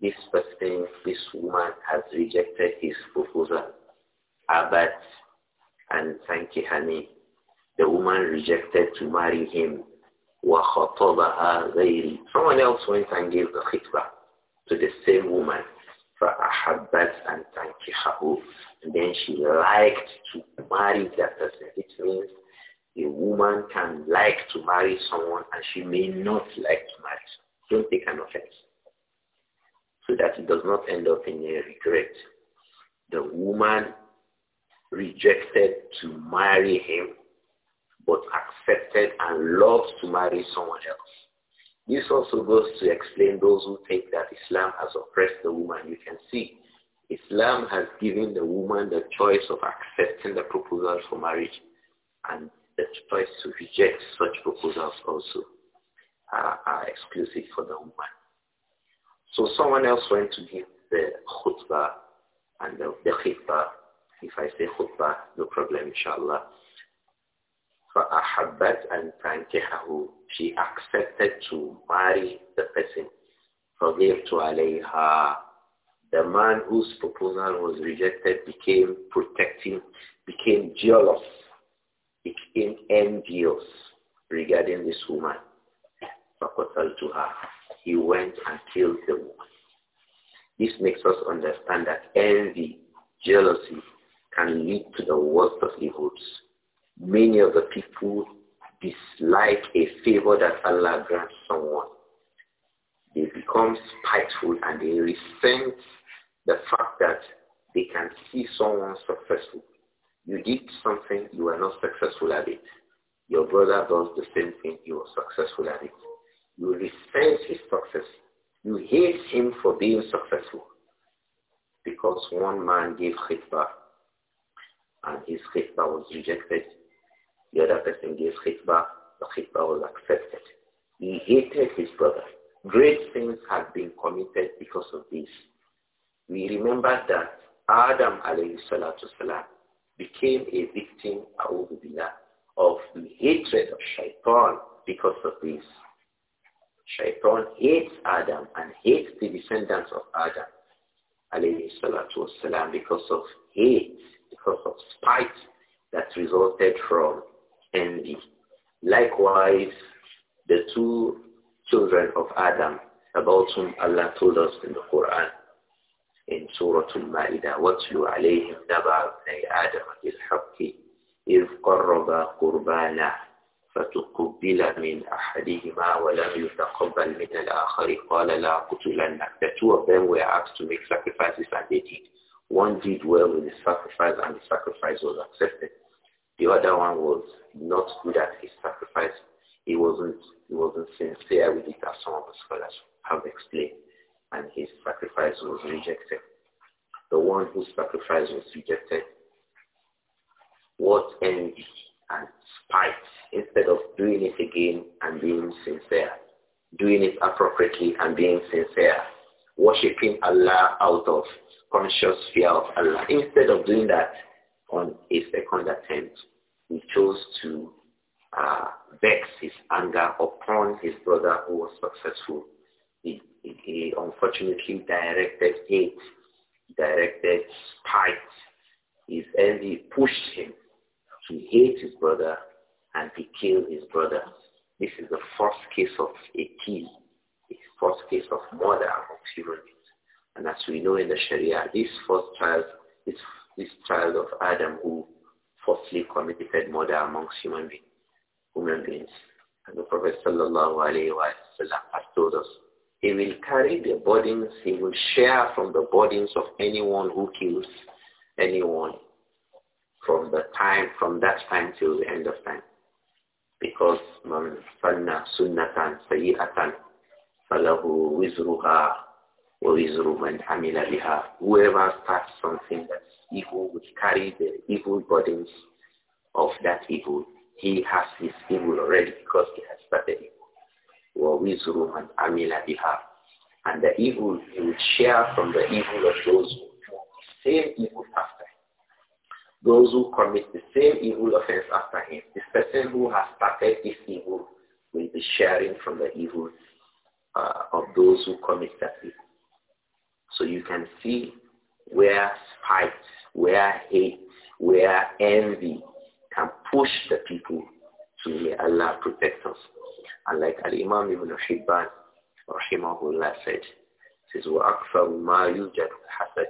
This person, this woman has rejected his proposal. Abat and Sankihani, the woman rejected to marry him. Someone else went and gave the khitbah to the same woman. فأحبت أن تنكحه and then she liked to marry that person. It means a woman can like to marry someone and she may not like to marry someone. Don't take an offense. So that it does not end up in a regret. The woman rejected to marry him but accepted and loves to marry someone else. This also goes to explain those who think that Islam has oppressed the woman. You can see Islam has given the woman the choice of accepting the proposal for marriage and the choice to reject such proposals also are, are exclusive for the woman. So someone else went to give the khutbah and the, the khutbah, if I say khutbah, no problem inshallah. فأحبت أن تنكحه She accepted to marry the person. فغيرت عليها The man whose proposal was rejected became protecting, became jealous became envious regarding this woman. to her. He went and killed the woman. This makes us understand that envy, jealousy can lead to the worst of evils. Many of the people dislike a favor that Allah grants someone. They become spiteful and they resent the fact that they can see someone successful you did something, you were not successful at it. Your brother does the same thing, you were successful at it. You resent his success. You hate him for being successful. Because one man gave khitbah and his khitbah was rejected. The other person gave khitbah, the khitbah was accepted. He hated his brother. Great things had been committed because of this. We remember that Adam alayhi salatu salam became a victim of the hatred of shaitan because of this. Shaitan hates Adam and hates the descendants of Adam alayhi salatu wasalam, because of hate, because of spite that resulted from envy. Likewise, the two children of Adam, about whom Allah told us in the Quran, in Surah Al-Ma'idah, وَاتْلُ عَلَيْهِمْ نَبَعَ ابْنَيْ آدَمَ بِالْحَقِّ إِذْ قَرَّبَ قُرْبَانَهُ فتقبل من أحدهما ولم يتقبل من الآخر قال لا أقتلنك The two of them were asked to make sacrifices and they did. One did well with his sacrifice and the sacrifice was accepted. The other one was not good at his sacrifice. He wasn't, he wasn't sincere with it as some of the scholars have explained and his sacrifice was rejected. The one whose sacrifice was rejected, what envy and spite, instead of doing it again and being sincere, doing it appropriately and being sincere, worshipping Allah out of conscious fear of Allah. Instead of doing that on a second attempt, he chose to uh, vex his anger upon his brother who was successful he unfortunately directed hate, directed spite. His envy pushed him. He hates his brother and he killed his brother. This is the first case of a kill, the first case of murder amongst humans. And as we know in the Sharia, this first child, this, this child of Adam who falsely committed murder amongst human beings, human beings. And the Prophet sallallahu alayhi wa has told us he will carry the burdens. He will share from the burdens of anyone who kills anyone from the time, from that time till the end of time. Because man sanna sunnatan sayyatan falahu wizruha wa wizru man hamila biha. Whoever starts something that's evil will carry the evil burdens of that evil. He has his evil already because he has started it. وَوِزْرُ مَنْ عَمِلَ بِهَا And the evil, he will share from the evil of those who do the same evil after him. Those who commit the same evil offense after him. This person who has started this evil will be sharing from the evil uh, of those who commit that evil. So you can see where spite, where hate, where envy can push the people to may Allah protect us unlike like Al-Imam Ibn Hibban, said, says, وَأَكْثَرُ مَا يُوجَدُ الْحَسَدُ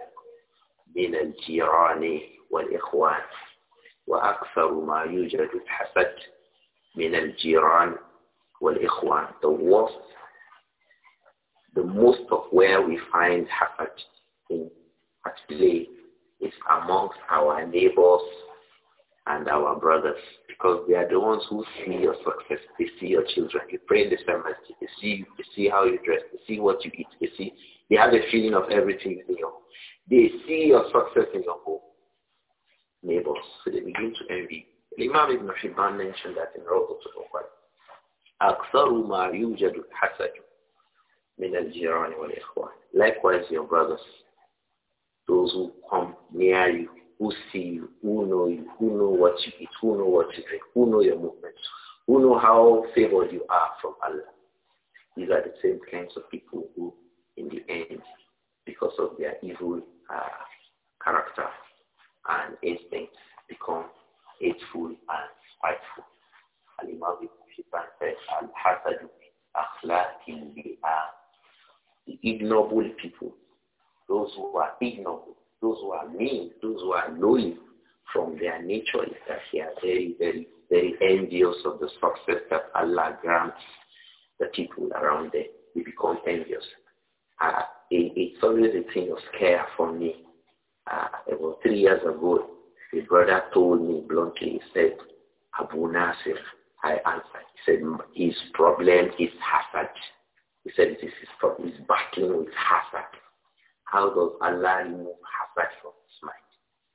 مِنَ الْجِيرَانِ وَالْإِخْوَانِ وَأَكْثَرُ مَا يُوجَدُ الْحَسَدُ مِنَ الْجِيرَانِ وَالْإِخْوَانِ The worst, the most of where we find hasad in at play is amongst our neighbors and our brothers because they are the ones who see your success. They see your children. You pray in the same masjid. They see you. They see how you dress. They see what you eat. They see. They have a feeling of everything in your home. They see your success in your home. Neighbors. So they begin to envy. Imam Ibn Hibban mentioned that in Rawdat al أكثر ما يوجد الحسد من والإخوان. Likewise, your brothers, those who come near you, who see you, who know you, who know what you eat, who know what you drink, who know your movements, who know how favored you are from Allah. These are the same kinds of people who, in the end, because of their evil uh, character and instincts, become hateful and spiteful. Al-Imam Ibn said, Al-Hasadu akhlaqin The ignoble people, those who are ignoble, those who are mean, those who are knowing from their nature is that they are very, very, very envious of the success that Allah grants the people around them. They become envious. Uh, it, it's always a thing of scare for me. Uh, about three years ago, a brother told me bluntly, he said, Abu Nasir, I answered. He said, his problem is hazard. He said, this is problem. He's battling with hazard. How does Allah remove aside from his mind.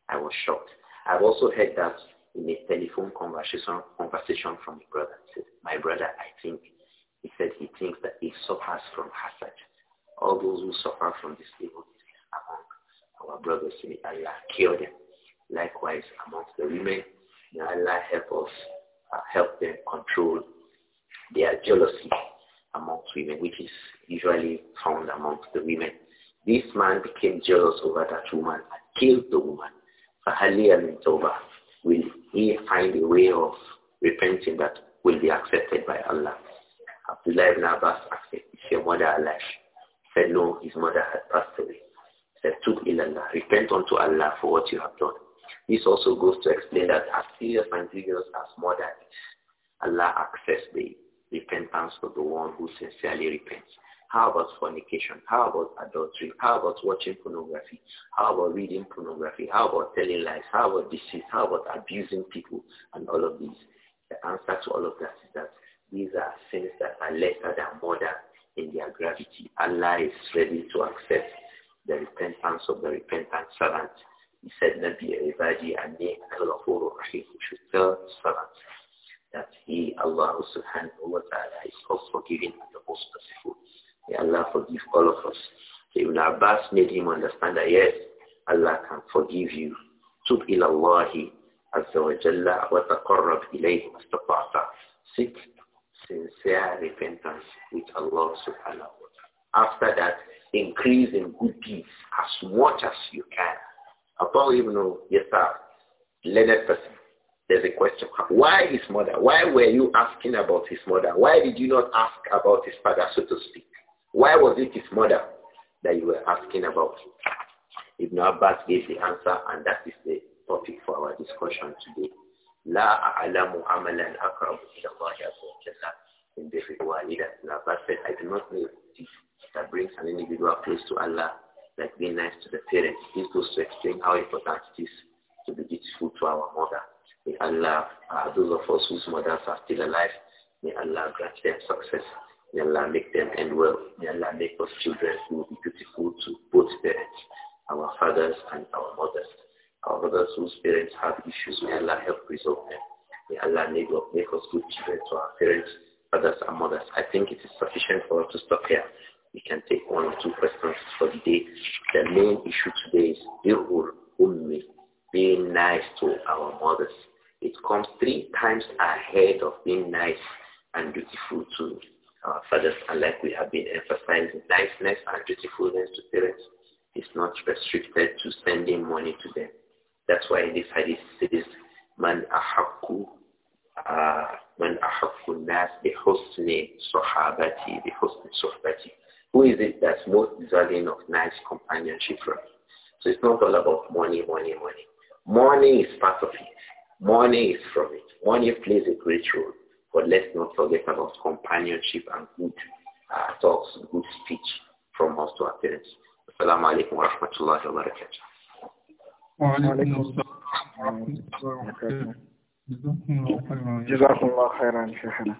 I was shocked. I've also heard that in a telephone conversation conversation from a brother. He said, My brother, I think he said he thinks that he suffers from hazard. All those who suffer from this evil among our brothers in Allah kill them. Likewise amongst the women, may Allah help us uh, help them control their jealousy amongst women, which is usually found amongst the women this man became jealous over that woman and killed the woman. Fahali al Will he find a way of repenting that will be accepted by Allah? Abdullah ibn Abbas asked, is your mother alive? said, no, his mother had passed away. said, Tub ilallah, repent unto Allah for what you have done. This also goes to explain that as serious and serious as murder is, Allah accepts the repentance of the one who sincerely repents. How about fornication? How about adultery? How about watching pornography? How about reading pornography? How about telling lies? How about deceit? How about abusing people? And all of these. The answer to all of that is that these are sins that are lesser than murder in their gravity. Allah is ready to accept the repentance of the repentant servant. He said, Nabi Ibadi Rahim. that he, Allah subhanahu wa ta'ala, is all forgiving and the most merciful. May Allah forgive all of us. So Ibn Abbas made him understand that yes, Allah can forgive you. Tub ila Allahi azza wa jalla wa taqarrab ilayhi Seek sincere repentance with Allah subhanahu wa ta'ala. After that, increase in good deeds as much as you can. Abu Ibn Yasar, learned person, there's a question. Why his mother? Why were you asking about his mother? Why did you not ask about his father, so to speak? Why was it his mother that you were asking about? Ibn Abbas gave the answer, and that is the topic for our discussion today. لا أعلم عملا أقرب إلى الله عز وجل من بر الوالدة. Ibn Abbas said, I do not know if that brings an individual close to Allah like being nice to the parents. This goes to explain how important it is to be dutiful to our mother. May Allah, uh, those of us whose mothers are still alive, may Allah grant them success. May Allah make them end well. May Allah make us children who will be beautiful to both parents, our fathers and our mothers. Our mothers whose parents have issues, may Allah help resolve them. May Allah make, make us good children to our parents, fathers and mothers. I think it is sufficient for us to stop here. We can take one or two questions for the day. The main issue today is Birhul Ummi, being nice to our mothers. It comes three times ahead of being nice and beautiful to our uh, fathers. And like we have been emphasizing, niceness and dutifulness to parents is not restricted to sending money to them. That's why in this hadith says, Man ahaku uh, Man ahaku nas bihusni the bihusni sohbati. Who is it that's most deserving of nice companionship from you? So it's not all about money, money, money. Money is part of it. Money is from it. Money plays a great role. But let's not forget about companionship and good uh, talks, good speech from us to our parents. Assalamu alaikum wa rahmatullahi wa barakatuh. Jazakumullah khairan, Shaykhana.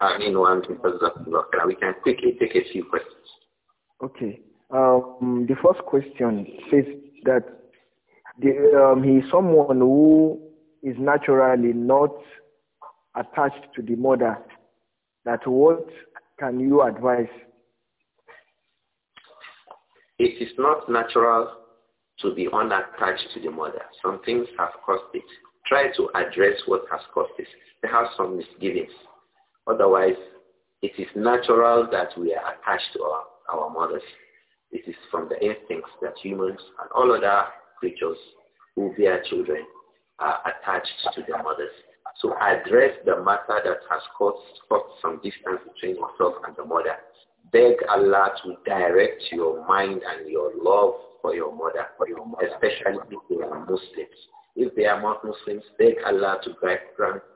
Ameen wa antum jazakumullah khairan. We can quickly take a few questions. Okay. Um, the first question says that the, um, he is someone who is naturally not attached to the mother that what can you advise? It is not natural to be unattached to the mother. Some things have caused it. Try to address what has caused it. have some misgivings. Otherwise, it is natural that we are attached to our, our mothers. It is from the instincts that humans and all other creatures who bear children are attached to their mothers to address the matter that has caused, caused some distance between yourself and the mother. Beg Allah to direct your mind and your love for your mother, for your mother. especially if they are Muslims. If they are not Muslims, beg Allah to grant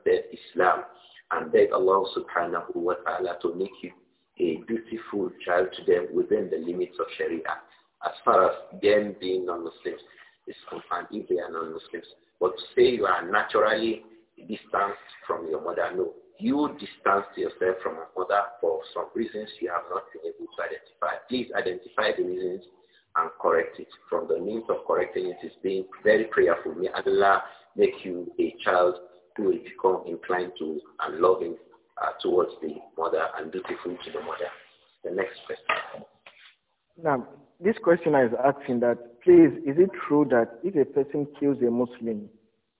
them Islam and beg Allah subhanahu wa ta'ala to make you a beautiful child to them within the limits of Sharia. As far as them being non-Muslims is concerned, if they are non-Muslims. But to say you are naturally distanced from your mother. No, you distanced yourself from your mother for some reasons you have not been able to identify. Please identify the reasons and correct it. From the means of correcting it is being very prayerful. May Allah make you a child who will become inclined to and loving uh, towards the mother and dutiful to the mother. The next question. Now, this questioner is asking that, please, is it true that if a person kills a Muslim,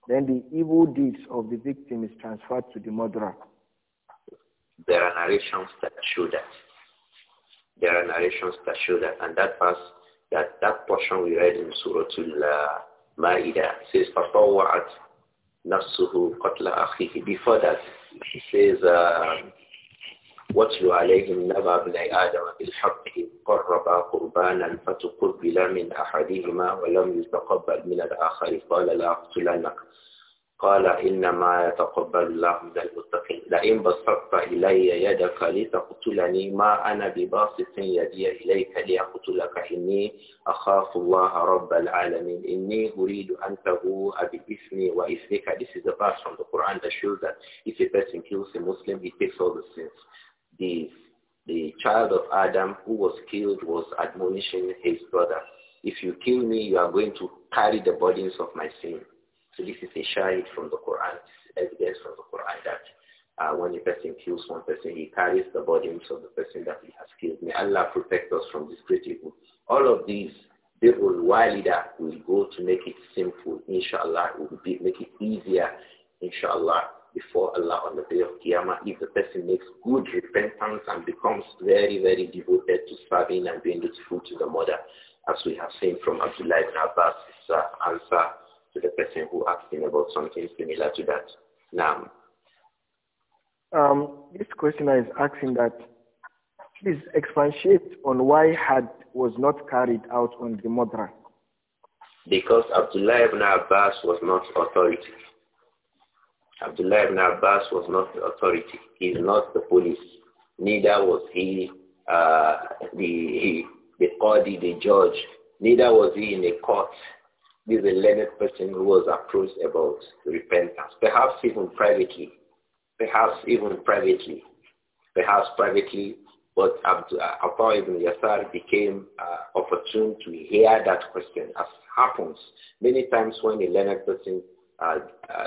then the evil deeds of the victim is transferred to the murderer. There are narrations that show that. There are narrations that show that. And that verse, that, that portion we read in Surah Al-Ma'idah says, Before that, it says, uh, واتل عليهم نبأ ابن آدم بالحق قربا قربانا فتقبل من أحدهما ولم يتقبل من الآخر قال لا أقتلنك قال إنما يتقبل الله من المتقين لئن بسطت إلي يدك لتقتلني ما أنا بباسط يدي إليك لأقتلك إني أخاف الله رب العالمين إني أريد أن تبوء بإثمي وإثمك This is the verse from the Quran that shows that if a person kills a Muslim, he takes all the sins the, the child of Adam who was killed was admonishing his brother, if you kill me, you are going to carry the burdens of my sin. So this is a shahid from the Quran, evidence from the Quran that uh, when a person kills one person, he carries the burdens of the person that he has killed. May Allah protect us from this great evil. All of these, Birul Walida will go to make it simple, inshallah. will be, make it easier, inshallah, before Allah on the day of Qiyamah if the person makes good repentance and becomes very, very devoted to serving and being dutiful to the mother, as we have seen from Abdullah ibn Abbas' uh, answer to the person who asked him about something similar to that. Now, um, this questioner is asking that please expatiate on why had was not carried out on the mother. Because Abdullah ibn Abbas was not authoritative. Abdullah ibn Abbas was not the authority. He is not the police. Neither was he uh, the the qadi, the judge. Neither was he in a court. This is a learned person who was approached about repentance, perhaps even privately, perhaps even privately, perhaps privately. But Abdul uh, ibn Yasar became uh, opportune to hear that question, as happens many times when a learned person uh, uh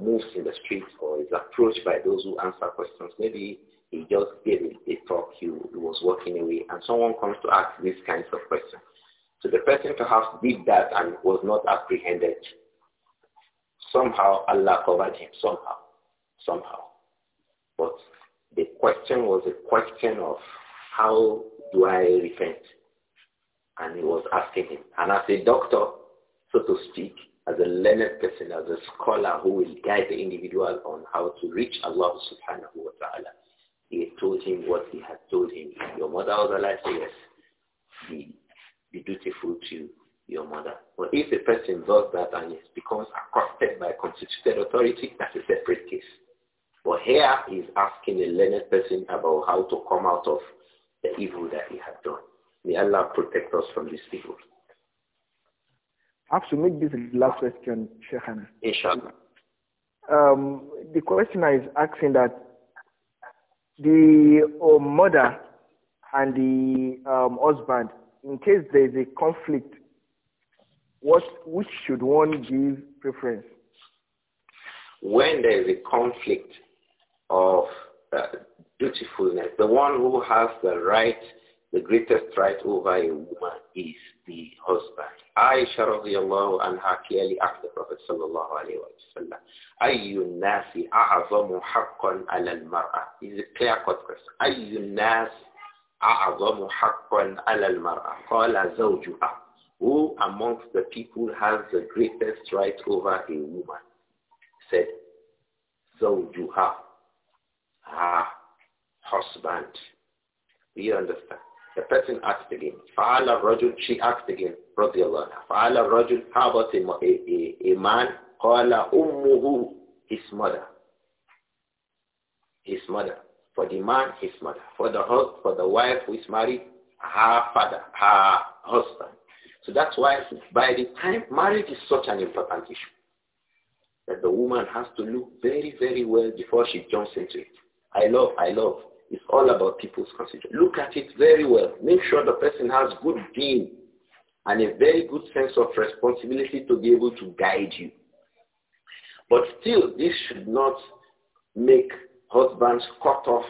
moves in the streets or is approached by those who answer questions, maybe he just gave a, talk, he, was walking away, and someone comes to ask these kinds of questions. So the person perhaps did that and was not apprehended. Somehow Allah covered him, somehow, somehow. But the question was a question of how do I repent? And he was asking him. And as a doctor, so to speak, as a learned person, as a scholar who will guide the individual on how to reach Allah subhanahu wa ta'ala. He told him what he had told him. Your mother was alive, so yes, be, be dutiful to your mother. But if a person does that and it becomes accosted by a constituted authority, that's a separate case. But here he's asking a learned person about how to come out of the evil that he had done. May Allah protect us from these people. I have to make this last question, Shekhana. Inshallah. Um, the questioner is asking that the uh, mother and the um, husband, in case there is a conflict, what which should one give preference? When there is a conflict of uh, dutifulness, the one who has the right the greatest right over a woman is the husband. Aisha radiallahu anha clearly asked the Prophet sallallahu alayhi wa sallam, Ayyun nasi a'azamu haqqan ala al-mar'a. It's a clear-cut question. أي الناس أعظم حقا على المرأة قال زوجها. Who amongst the people has the greatest right over a woman? Said, زوجها, Her husband. Do you understand? The person asked again. Fa'ala rajul, she asked again. Radiallahu anha. Fa'ala rajul, how about a, a, a man? Qala ummuhu, his mother. His mother. For the man, his mother. For the husband, for the wife who is married, her father, her husband. So that's why by the time marriage is such an important issue that the woman has to look very, very well before she jumps into it. I love, I love. It's all about people's consideration. Look at it very well. Make sure the person has good deen and a very good sense of responsibility to be able to guide you. But still, this should not make husbands cut off,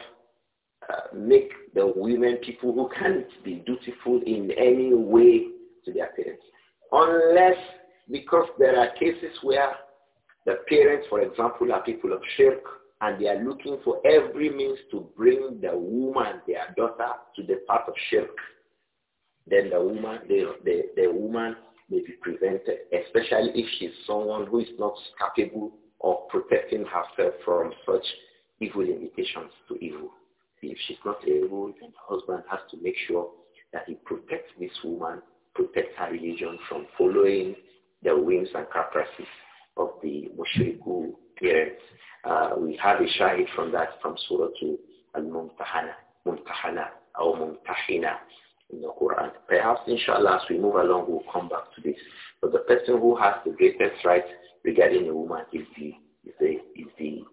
uh, make the women people who can't be dutiful in any way to their parents. Unless, because there are cases where the parents, for example, are people of shirk and they are looking for every means to bring the woman, their daughter, to the path of shirk. Then the woman, the, the, the woman may be prevented, especially if she's someone who is not capable of protecting herself from such evil invitations to evil. If she's not able, then the husband has to make sure that he protects this woman, protects her religion from following the whims and caprices of the mushrikun parents. Uh, we have a shahid from that from Surah to Al-Mumtahana, Mumtahana, or Mumtahina in the Quran. Perhaps, inshallah, as we move along, we'll come back to this. But the person who has the greatest right regarding a woman is the, is the, is the,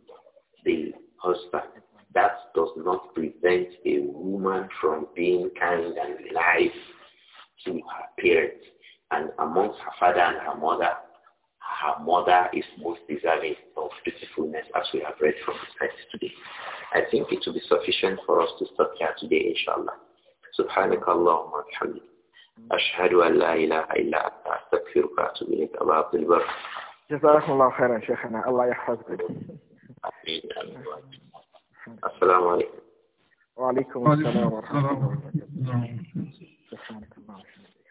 the husband. That does not prevent a woman from being kind and nice to her parents and amongst her father and her mother her mother is most deserving of beautifulness as we have read from the text today. I think it will be sufficient for us to stop here today, inshallah. سبحانك اللهم وبحمدك أشهد أن لا إله إلا أنت أستغفرك وأتوب إليك أبا عبد البر جزاكم الله خيرا شيخنا الله يحفظك السلام عليكم وعليكم السلام ورحمة الله وبركاته